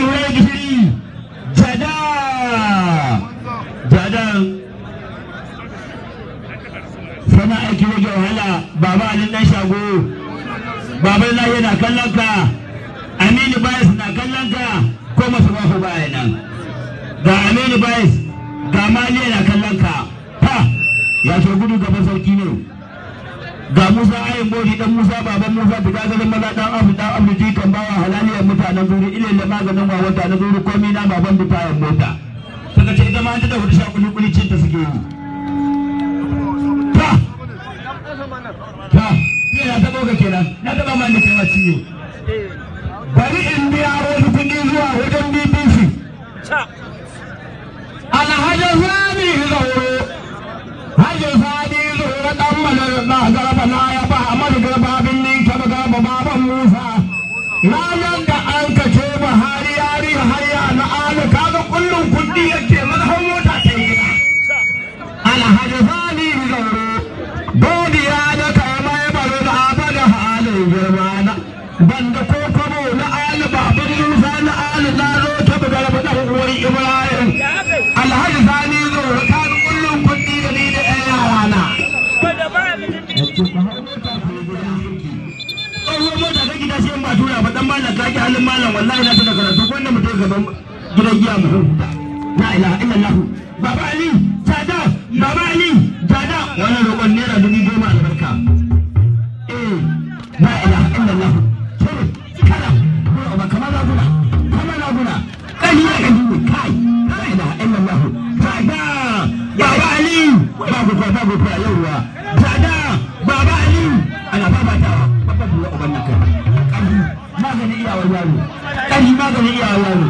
ɗorai gishiri jada jadan sana aiki rage wahala baba alin nan shago baba na yana kallon ka aminu bayas na kallon ka ko masu bahu baya nan ga aminu bayas ga maliya na kallon ka ha ya gudu gaban sauki ne ga Musa ayin bori dan Musa baban Musa buga garin maza dan abu dan abu ji kan bawa halaliyar mutanen zuri ile da maganin wa wata na zuri komai na baban da tayar mota saka ce ita ma ta da wata shakuli kuli ce ta suke yi ta ta ni na ga kenan na taba ma ni kai ma bari in biya wani kuɗi zuwa wajen BBC alhaji Sani Zauro Hajji Sani Zauro dan Malar na garaba ranar da an ka ce buhari yari haya na Ka ga kullum kuɗi yake mazhan mota ta gida alhaji fani zauro godiya da kamar baro da abada halin girma na banda ko kamo na alu baban musa na alu na zo ta bugar bugar wani saki halin malam wallahi na da karatu ko wanda mutum gaban gidan giya mu la ilaha illallah baba ali tada baba ali tada wannan roƙon naira dubu Allahu ẹ̀yin má sọ̀rọ̀ ní Allahu.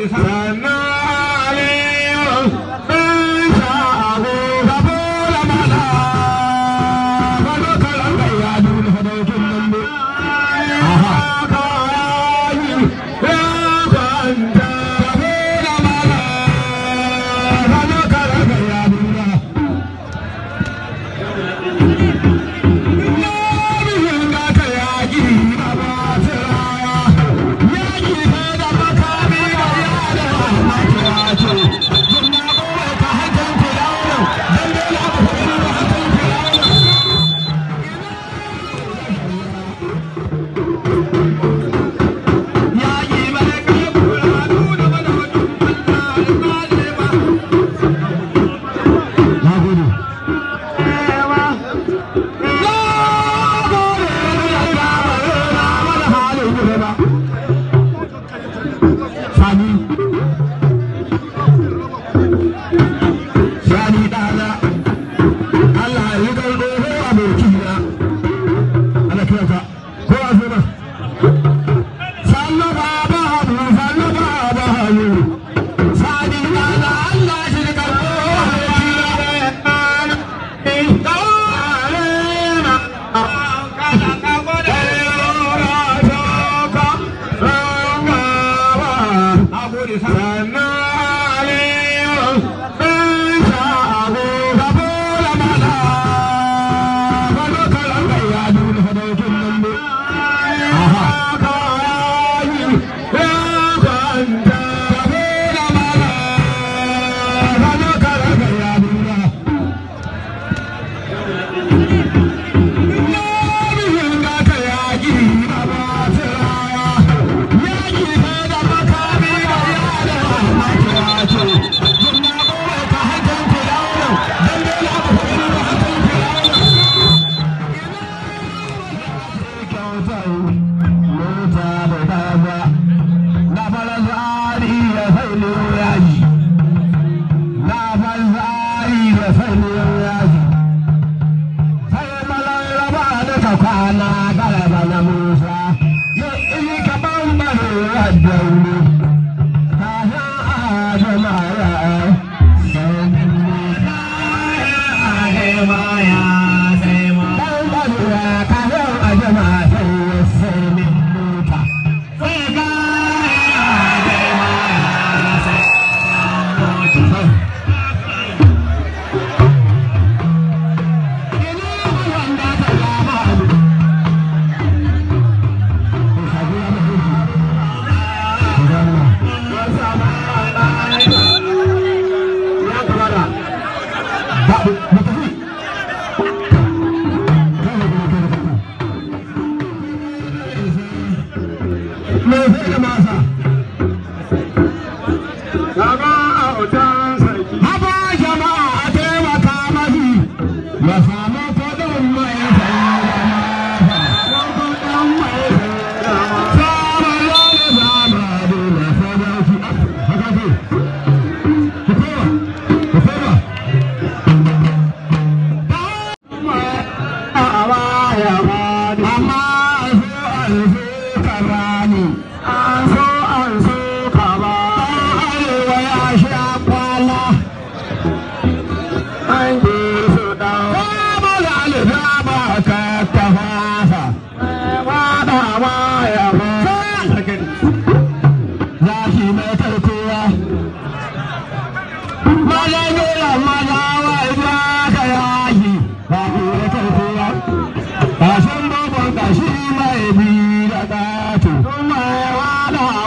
y o baya sai mu Come on!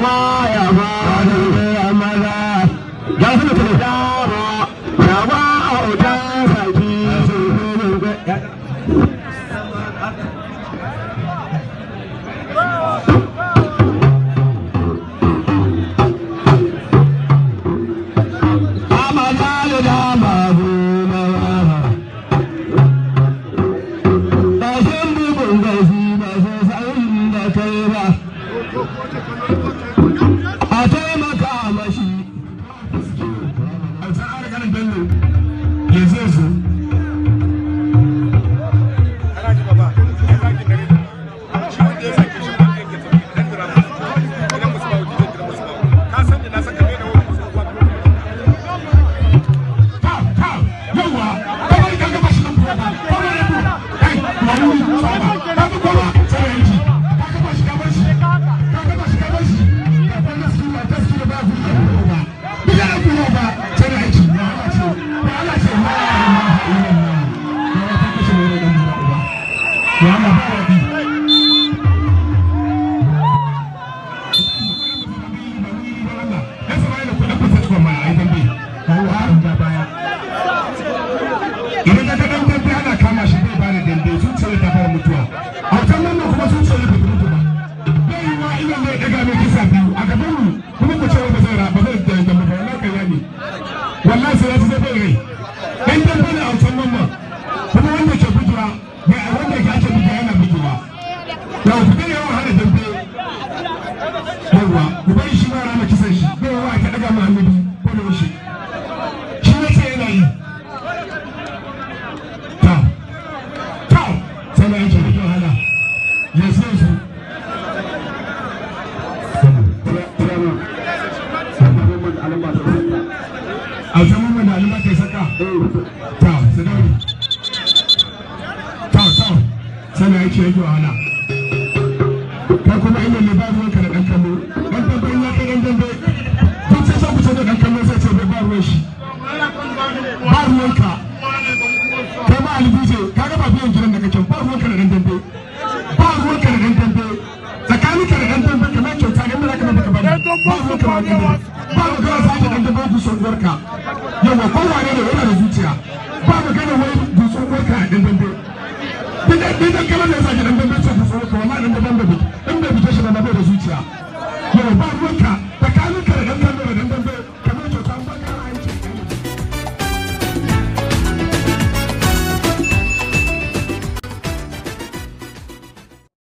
Mama, da ku ga yawan hada dambe shi ka daga muhammadu ko da shi ne yana yi ta ta na a zaman wanda alima saka ta ta ta wahala ruwan ka da ɗan dambe ba ruwan ka da ɗan dambe tsakanin da ta bani ba ruwan ka da ɗan ba mu gana sai da ɗan dambe ne uwarka ne yana da gana wai dusan uwarka a ɗan dambe idan kamar da ya sa ki ɗan dambe sai dusan uwarka wala ɗan dambe in bai fito shi